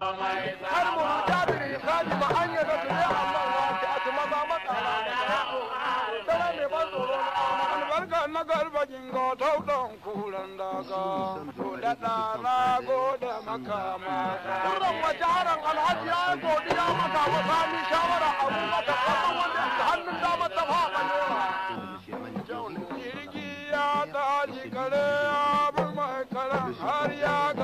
har mu ta bi risali ba an yi zata ne amma ya ce a tuma ba maka tana mai ban tsoro na albarka na garbakin ga taudan kuran daga Ko da ɗana goda maka mata kuran wajaran alhaji ya yi godiya maka wa sami shawara abu a tabbatar wanda hannun dama ta faɗa wa? jirgi ya daji kare ya bi mai kalan har ya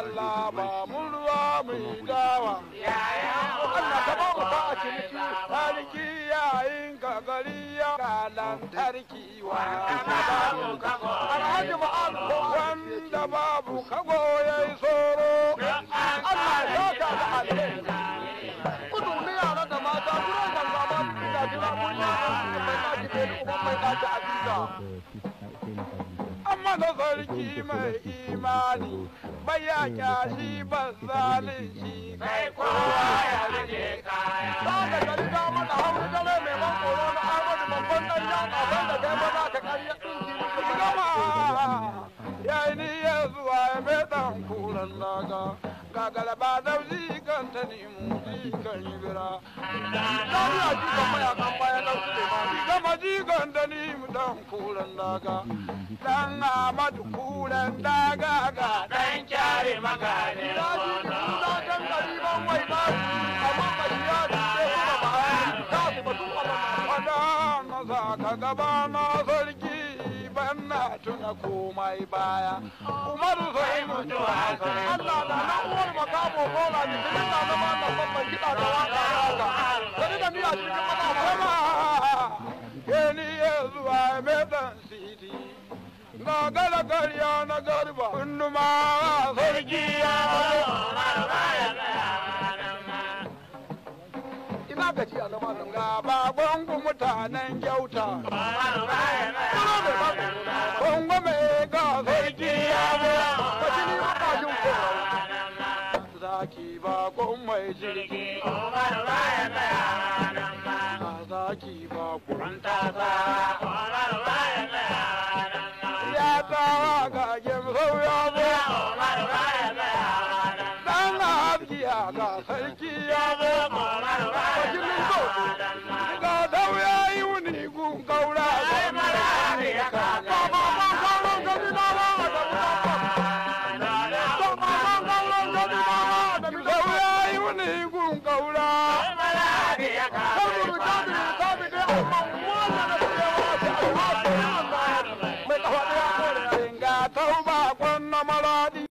Allah ba mun ruwa mai dawa. Allah ka bamu ba a ciniki sarki yayin ka ya lantarki wa Alhaji ma'an wanda babu kago ya yi tsoro. Allah ya ka da alheri. Kudu ni yara da mata kuma ganga ma da jira kunya mai ɗaki mai ɗaki a mana sarki mai imani bai ya kyashi ban shi kai kowa ya rike kaya ba da gari da mana hamu dare mai ban koro na babban dan ya da kai maza ka karya tsinki gama ya yi niyyar zuwa ya mai dan kuran naga ga galaba dauji kan ta yi bira. Dan ya ji digon da ni mu dan kuren daga dan amadu kuren daga ga dan kyare magane wona da dan gariban wai ba amma bariya da ke ba ka ku batu Allah na za ka gaba na sarki banna tuna komai baya umaru zai mutuwa sai Allah da na uwar makamo bola ni kin da zama da babban kida da waka gagara karya na garba kunduma ina gaji a zama ga baban ku mutanen kyauta kungo mai ga sarki ba ne ba zaki ba mai jirgi giya ga sarki ya ga dau ya yi wuni gun gaura sai mara ne ka ga na ba ga ni